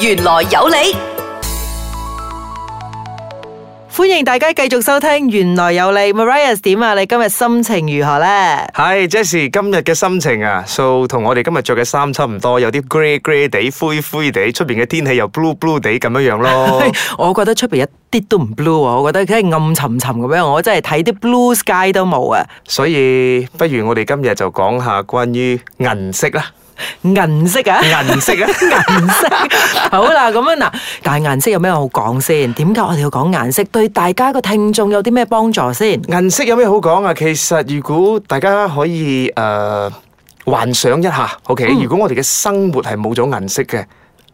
原來有你，歡迎大家繼續收聽原來有你。Mariah 點啊？你今日心情如何呢？係，Jessie 今日嘅心情啊，So 同我哋今日着嘅衫差唔多，有啲 grey grey 地、灰灰地，出邊嘅天氣又 blue blue 地咁樣樣咯。我覺得出邊一啲都唔 blue，我覺得佢係暗沉沉咁樣，我真係睇啲 blue sky 都冇啊。所以不如我哋今日就講下關於銀色啦。銀色啊，銀色啊，銀 色。 好啦，咁樣嗱，但係顏色有咩好講先？點解我哋要講顏色？對大家個聽眾有啲咩幫助先？銀色有咩好講啊？其實如果大家可以誒、呃、幻想一下，OK、嗯、如果我哋嘅生活係冇咗銀色嘅。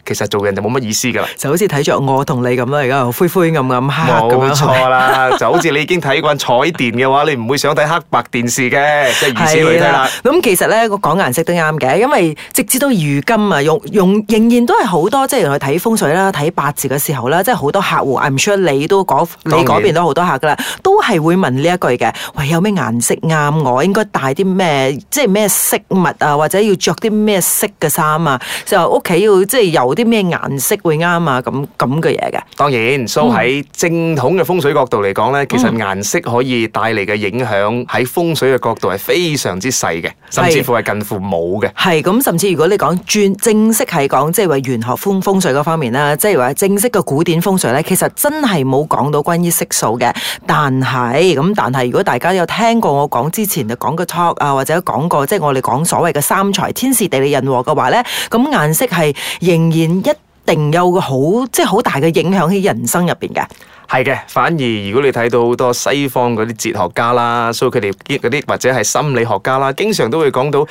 其實做人就冇乜意思噶啦，就好似睇著我同你咁啦，而家灰灰暗暗黑咁樣。冇錯啦，就好似你已經睇慣彩電嘅話，你唔會想睇黑白電視嘅，即係如此類啦。咁其實咧，講顏色都啱嘅，因為直至到如今啊，用用仍然都係好多即係去睇風水啦、睇八字嘅時候啦，即係好多客戶，唔出你都改，你改變咗好多客噶啦，都係會問呢一句嘅。喂，有咩顏色啱我？應該帶啲咩？即係咩飾物啊？或者要著啲咩色嘅衫啊？就屋企要即係有。啲咩顏色會啱啊？咁咁嘅嘢嘅，當然，so 喺正統嘅風水角度嚟講咧，其實顏色可以帶嚟嘅影響喺風水嘅角度係非常之細嘅，甚至乎係近乎冇嘅。係咁，甚至如果你講轉正式係講，即係話玄學風風水嗰方面啦，即係話正式嘅古典風水咧，其實真係冇講到關於色素嘅。但係咁，但係如果大家有聽過我講之前就講個 talk 啊，或者講過，即係我哋講所謂嘅三才、天時、地利、人和嘅話咧，咁顏色係仍然。一定有好即係好大嘅影響喺人生入邊嘅，係嘅。反而如果你睇到好多西方嗰啲哲學家啦，所以佢哋嗰啲或者係心理學家啦，經常都會講到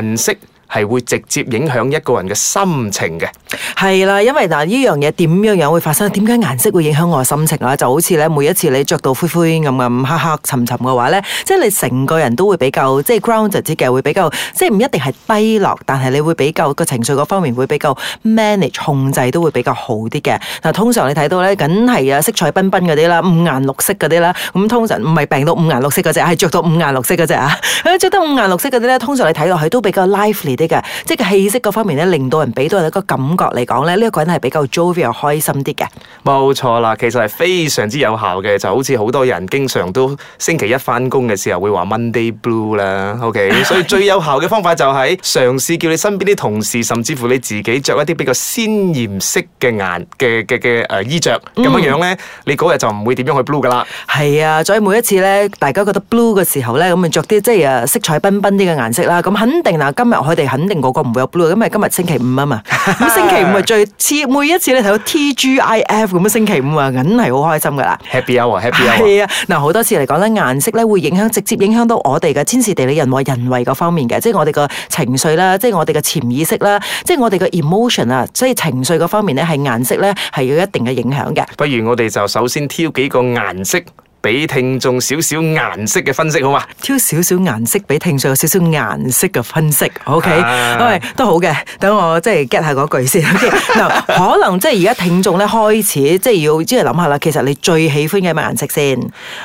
銀色。係會直接影響一個人嘅心情嘅，係啦，因為嗱呢樣嘢點樣樣會發生？點解顏色會影響我嘅心情呀？就好似咧，每一次你着到灰灰暗暗、黑黑沉沉嘅話咧，即係你成個人都會比較即係 grounded 直接嘅，會比較即係唔一定係低落，但係你會比較個情緒嗰方面會比較 manage 控制都會比較好啲嘅。嗱，通常你睇到咧，梗係啊，色彩繽紛嗰啲啦，五顏六色嗰啲啦，咁通常唔係病到五顏六色嗰隻，係着到五顏六色嗰隻啊！着 到五顏六色嗰啲咧，通常你睇落去都比較 lively。啲嘅，即係氣色各方面咧，令到人俾到人一個感覺嚟講咧，呢一個人都係比較 jovial、開心啲嘅。冇錯啦，其實係非常之有效嘅，就好似好多人經常都星期一翻工嘅時候會話 Monday blue 啦。OK，所以最有效嘅方法就係嘗試叫你身邊啲同事，甚至乎你自己著一啲比較鮮豔色嘅顏嘅嘅嘅誒衣著，咁樣樣咧，你嗰日就唔會點樣去 blue 噶啦。係啊，所以每一次咧，大家覺得 blue 嘅時候咧，咁啊著啲即係誒色彩繽紛啲嘅顏色啦，咁肯定啦，今日我哋。肯定個個唔會有 blue，因為今日今日星期五啊嘛，咁 星期五係最次，每一次你睇到 TGIF 咁樣星期五 happy hour, happy hour 啊，梗係好開心噶啦，Happy hour, happy hour，係啊，嗱好多次嚟講咧，顏色咧會影響，直接影響到我哋嘅天時地利、人和、人為個方面嘅，即係我哋嘅情緒啦，即係我哋嘅潛意識啦，即係我哋嘅 emotion 啊，即係情緒個方面咧，係顏色咧係有一定嘅影響嘅。不如我哋就首先挑幾個顏色。俾聽眾少少顏色嘅分析好嘛？挑少少顏色俾聽眾有少少顏色嘅分析 okay?、Uh、，OK？都好嘅。等我即係 get 下嗰句先。嗱、okay?， 可能即係而家聽眾咧開始即係要即係諗下啦。其實你最喜歡嘅咩顏色先？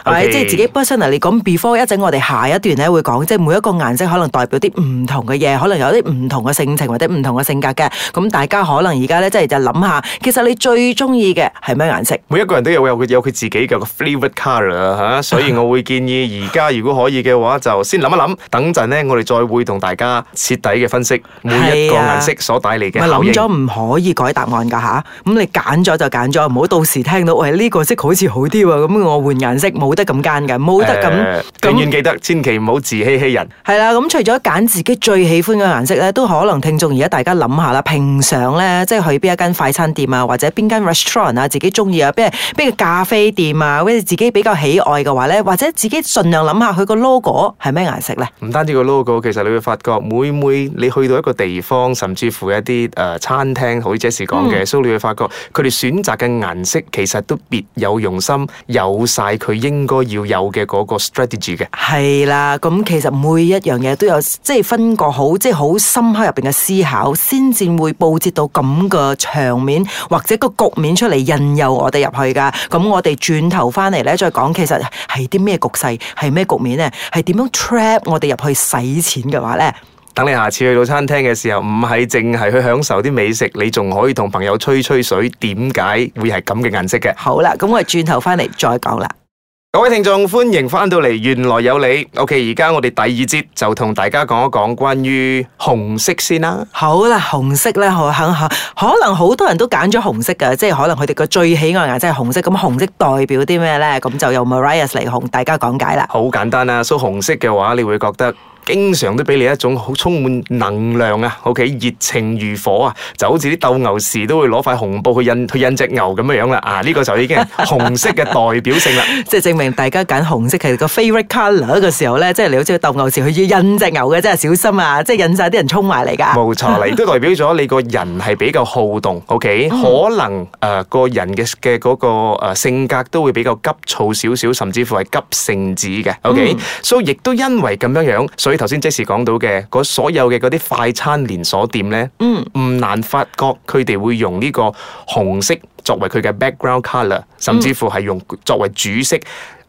或者即係自己本身嗱，你講 before 一陣我哋下一段咧會講，即係每一個顏色可能代表啲唔同嘅嘢，可能有啲唔同嘅性情或者唔同嘅性格嘅。咁大家可能而家咧即係就諗下，其實你最中意嘅係咩顏色？每一個人都有有佢自己嘅個 favorite color 吓，所以我會建議而家如果可以嘅話，就先諗一諗，等陣呢，我哋再會同大家徹底嘅分析每一個顏色所帶嚟嘅。唔係諗咗唔可以改答案噶吓，咁你揀咗就揀咗，唔好到時聽到喂，呢個色好似好啲喎，咁我換顏色冇得咁奸噶，冇得咁。永遠記得，千祈唔好自欺欺人。係啦，咁除咗揀自己最喜歡嘅顏色咧，都可能聽眾而家大家諗下啦。平常咧，即係去邊一間快餐店啊，或者邊間 restaurant 啊，自己中意啊，邊邊個咖啡店啊，或者自己比較。喜愛嘅話咧，或者自己盡量諗下佢個 logo 係咩顏色咧？唔單止個 logo，其實你會發覺每每你去到一個地方，甚至乎一啲誒餐廳，好似 Jas 說講嘅，所以你會發覺佢哋選擇嘅顏色其實都別有用心，有晒佢應該要有嘅嗰個 strategy 嘅。係啦，咁其實每一樣嘢都有即係分個好，即係好深刻入邊嘅思考，先至會布置到咁嘅場面或者個局面出嚟，引誘我哋入去噶。咁我哋轉頭返嚟咧，再講。其實係啲咩局勢，係咩局面呢？係點樣 trap 我哋入去使錢嘅話呢？等你下次去到餐廳嘅時候，唔係淨係去享受啲美食，你仲可以同朋友吹吹水。點解會係咁嘅顏色嘅？好啦，咁我哋轉頭翻嚟再講啦。各位聽眾，歡迎翻到嚟，玄來有理。OK，而家我哋第二節就同大家講一講關於紅色先啦、啊。好啦，紅色咧，可能可能好多人都揀咗紅色噶，即係可能佢哋個最喜愛顏色係紅色。咁紅色代表啲咩咧？咁就由 Marias 嚟同大家講解啦。好簡單啦、啊，所以紅色嘅話，你會覺得。經常都俾你一種好充滿能量啊！OK，熱情如火啊！就好似啲鬥牛士都會攞塊紅布去印去印隻牛咁樣樣啦！啊，呢個就已經係紅色嘅代表性啦。即係證明大家揀紅色係個 favorite colour 嘅時候咧，即係你好似鬥牛士，佢要印隻牛嘅，真係小心啊！即係印曬啲人衝埋嚟㗎。冇錯啦，亦都代表咗你個人係比較好動。OK，可能誒個人嘅嘅嗰個誒性格都會比較急躁少少，甚至乎係急性子嘅。OK，所以亦都因為咁樣樣。所以頭先即係講到嘅所有嘅嗰啲快餐連鎖店呢，嗯，唔難發覺佢哋會用呢個紅色作為佢嘅 background color，甚至乎係用作為主色。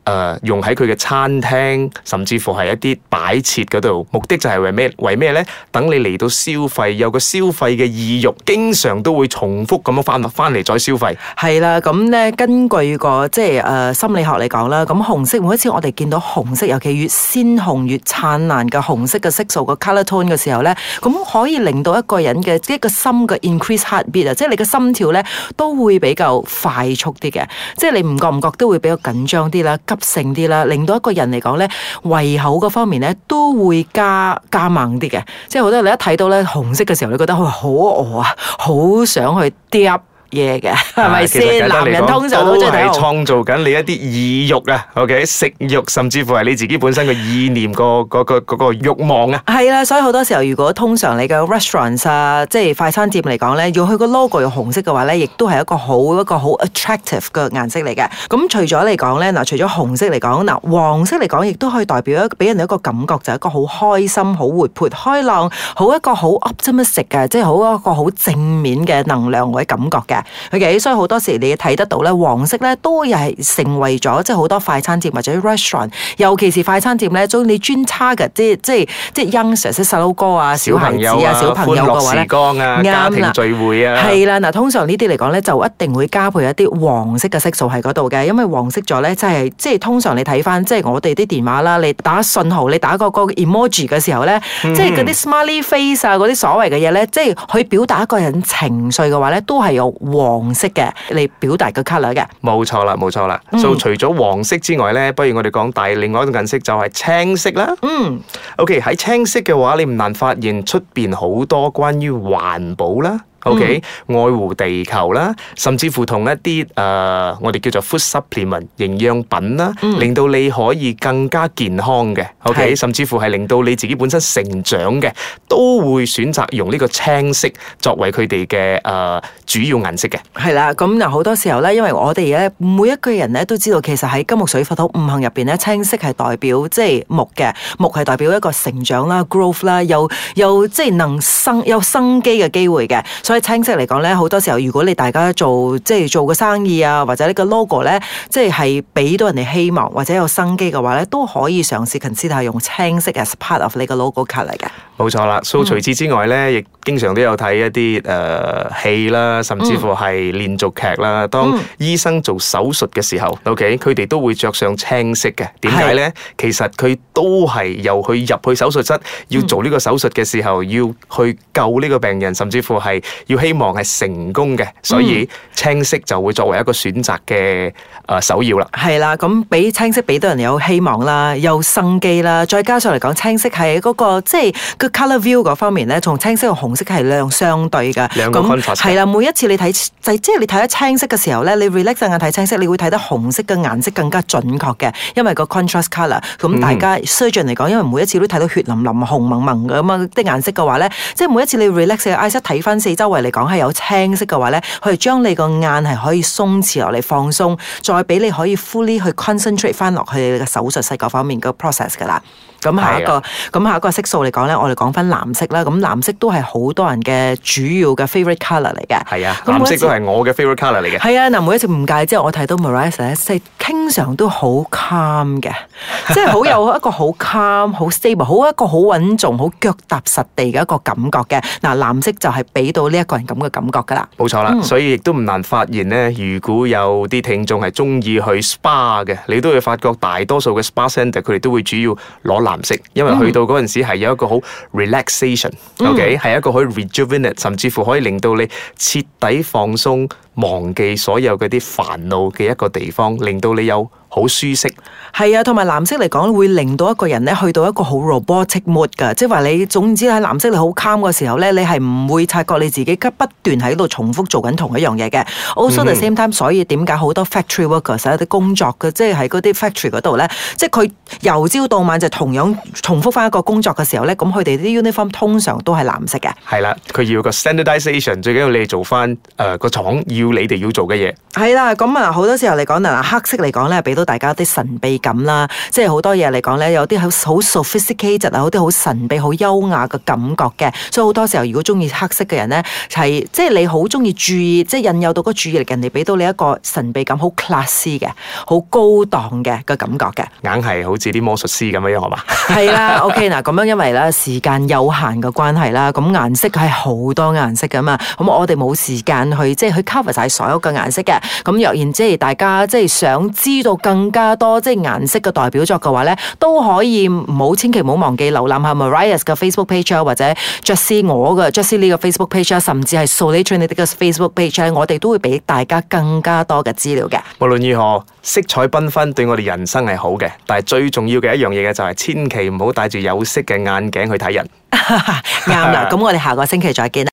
誒、uh, 用喺佢嘅餐廳，甚至乎係一啲擺設嗰度，目的就係為咩？為咩咧？等你嚟到消費，有個消費嘅意欲，經常都會重複咁樣翻翻嚟再消費。係啦，咁咧根據個即係誒、呃、心理學嚟講啦，咁紅色每一次我哋見到紅色，尤其越鮮紅越燦爛嘅紅色嘅色素個 color tone 嘅時候咧，咁可以令到一個人嘅一個心嘅 increase heartbeat 啊，即係你嘅心跳咧都會比較快速啲嘅，即係你唔覺唔覺都會比較緊張啲啦。急性啲啦，令到一個人嚟講咧，胃口嗰方面咧都會加加猛啲嘅。即係好多你一睇到咧紅色嘅時候，你覺得佢好餓啊，好想去嗒。嘢嘅係咪先？男人通常都係創造緊你一啲意欲啊。OK，食慾甚至乎係你自己本身嘅意念個個個嗰個慾望啊。係啦，所以好多時候，如果通常你嘅 restaurants 啊，即係快餐店嚟講咧，要去個 logo 用紅色嘅話咧，亦都係一個好一個好 attractive 嘅顏色嚟嘅。咁除咗嚟講咧嗱，除咗紅色嚟講嗱，黃色嚟講亦都可以代表一俾人一個感覺，就係一個好開心、好活潑、開朗、好一個好 optimistic 嘅，即係好一個好正面嘅能量或者感覺嘅。佢其、okay. 所以好多時你睇得到咧，黃色咧都係成為咗即係好多快餐店或者 restaurant，尤其是快餐店咧，將你專差嘅即係即係即係欣賞啲細路哥啊、小孩子啊、小朋友嘅、啊、話咧，啱啦、啊。家庭聚會啊，係啦、啊，嗱，通常呢啲嚟講咧，就一定會加配一啲黃色嘅色素喺嗰度嘅，因為黃色咗咧、就係、即係即係通常你睇翻即係我哋啲電話啦，你打信號，你打嗰個 emoji 嘅時候咧，即係嗰啲 smiley face 啊，嗰啲所謂嘅嘢咧，即係去表達一個人情緒嘅話咧，都係有。黃色嘅嚟表達個 color 嘅，冇錯啦，冇錯啦。就、嗯 so, 除咗黃色之外咧，不如我哋講第另外一種顏色就係青色啦。嗯，OK 喺青色嘅話，你唔難發現出邊好多關於環保啦。OK，愛護地球啦，甚至乎同一啲誒，我哋叫做 food supplement 營養品啦，令到你可以更加健康嘅。OK，甚至乎係令到你自己本身成長嘅，都會選擇用呢個青色作為佢哋嘅誒主要顏色嘅。係啦，咁又好多時候咧，因為我哋咧，每一個人咧都知道，其實喺金木水火土五行入邊咧，青色係代表即係木嘅，木係代表一個成長啦、growth 啦，有有即係能生有生機嘅機會嘅。所以青色嚟講咧，好多時候如果你大家做即係做個生意啊，或者呢個 logo 咧，即係係俾到人哋希望或者有生機嘅話咧，都可以嘗試 consider 用青色 as part of 你個 logo card 嚟嘅。冇錯啦，所以除此之外咧，嗯、亦經常都有睇一啲誒戲啦，甚至乎係連續劇啦。當、嗯、醫生做手術嘅時候，O K，佢哋都會着上青色嘅。點解咧？是其實佢都係由去入去手術室要做呢個手術嘅時候，嗯、要去救呢個病人，甚至乎係要希望係成功嘅。所以青色就會作為一個選擇嘅誒、呃、首要啦。係啦，咁俾青色俾到人有希望啦，有生機啦。再加上嚟講，青色係嗰、嗰個即係、嗰個。個 colour view 嗰方面咧，從青色同紅色係兩相對嘅，兩個方法。係啦那、嗯，每一次你睇就即、是、係你睇得青色嘅時候咧，你 relax 眼睇青色，你會睇得紅色嘅顏色更加準確嘅，因為個 contrast colour。咁大家 surgeon 嚟講，因為每一次都睇到血淋淋、紅濛濛嘅咁啊啲顏色嘅話咧，即、就、係、是、每一次你 relax 隻眼睇翻四周圍嚟講係有青色嘅話咧，佢係將你個眼係可以鬆弛落嚟放鬆，再俾你可以 fully 去 concentrate 翻落去你嘅手術細個方面個 process 噶啦。咁下一個，咁下一個色素嚟講咧，我哋講翻藍色啦。咁藍色都係好多人嘅主要嘅 favorite colour 嚟嘅。係啊，藍色都係我嘅 favorite colour 嚟嘅。係啊，嗱，每一次誤解之後，我睇到 Marisa 咧，即係經常都好 calm 嘅，即係好有一個好 calm、好 stable、好一個好穩重、好腳踏實地嘅一個感覺嘅。嗱，藍色就係俾到呢一個人咁嘅感覺噶啦。冇錯啦，所以亦都唔難發現咧。如果有啲聽眾係鍾意去 spa 嘅，你都會發覺大多數嘅 spa centre 佢哋都會主要攞藍。因為去到嗰陣時係有一個好 relaxation，OK，okay? 係，mm. 一個可以 rejuvenate，甚至乎可以令到你徹底放鬆，忘記所有嗰啲煩惱嘅一個地方，令到你有。好舒適，係啊，同埋藍色嚟講會令到一個人咧去到一個好 robotic mood 噶，即係話你總之喺藍色你好 calm 嘅時候咧，你係唔會察覺你自己不斷喺度重複做緊同一樣嘢嘅。Also the same time，所以點解好多 factory worker 成有啲工作嘅，就是，即係喺啲 factory 度咧，即係佢由朝到晚就同樣重複翻一個工作嘅時候咧，咁佢哋啲 uniform 通常都係藍色嘅。係啦、啊，佢要個 standardization 最緊要，呃、要你做翻誒個廠要你哋要做嘅嘢。係啦、啊，咁啊好多時候嚟講嗱黑色嚟講咧俾到。大家有啲神秘感啦，即係好多嘢嚟講咧，有啲好好 sophisticated 啊，有啲好神秘、好優雅嘅感覺嘅。所以好多時候，如果中意黑色嘅人咧，係即係你好中意注意，即係引誘到個注意力人哋俾到你一個神秘感，好 class 嘅，好高檔嘅個感覺嘅。硬係好似啲魔術師咁樣樣，係嘛？係 啦、啊、OK 嗱，咁樣因為咧時間有限嘅關係啦，咁顏色係好多顏色噶嘛，咁我哋冇時間去即係去 cover 晒所有嘅顏色嘅。咁若然即係大家即係想知道更加多即係顏色嘅代表作嘅話咧，都可以唔好千祈唔好忘記瀏覽下 Mariah 嘅 Facebook page，或者 Just 我嘅 Just 呢個 Facebook page，甚至係 Soul Train 你哋個 Facebook page，我哋都會俾大家更加多嘅資料嘅。無論如何，色彩繽紛對我哋人生係好嘅，但係最重要嘅一樣嘢嘅就係千祈唔好戴住有色嘅眼鏡去睇人。啱啦，咁我哋下個星期再見啦。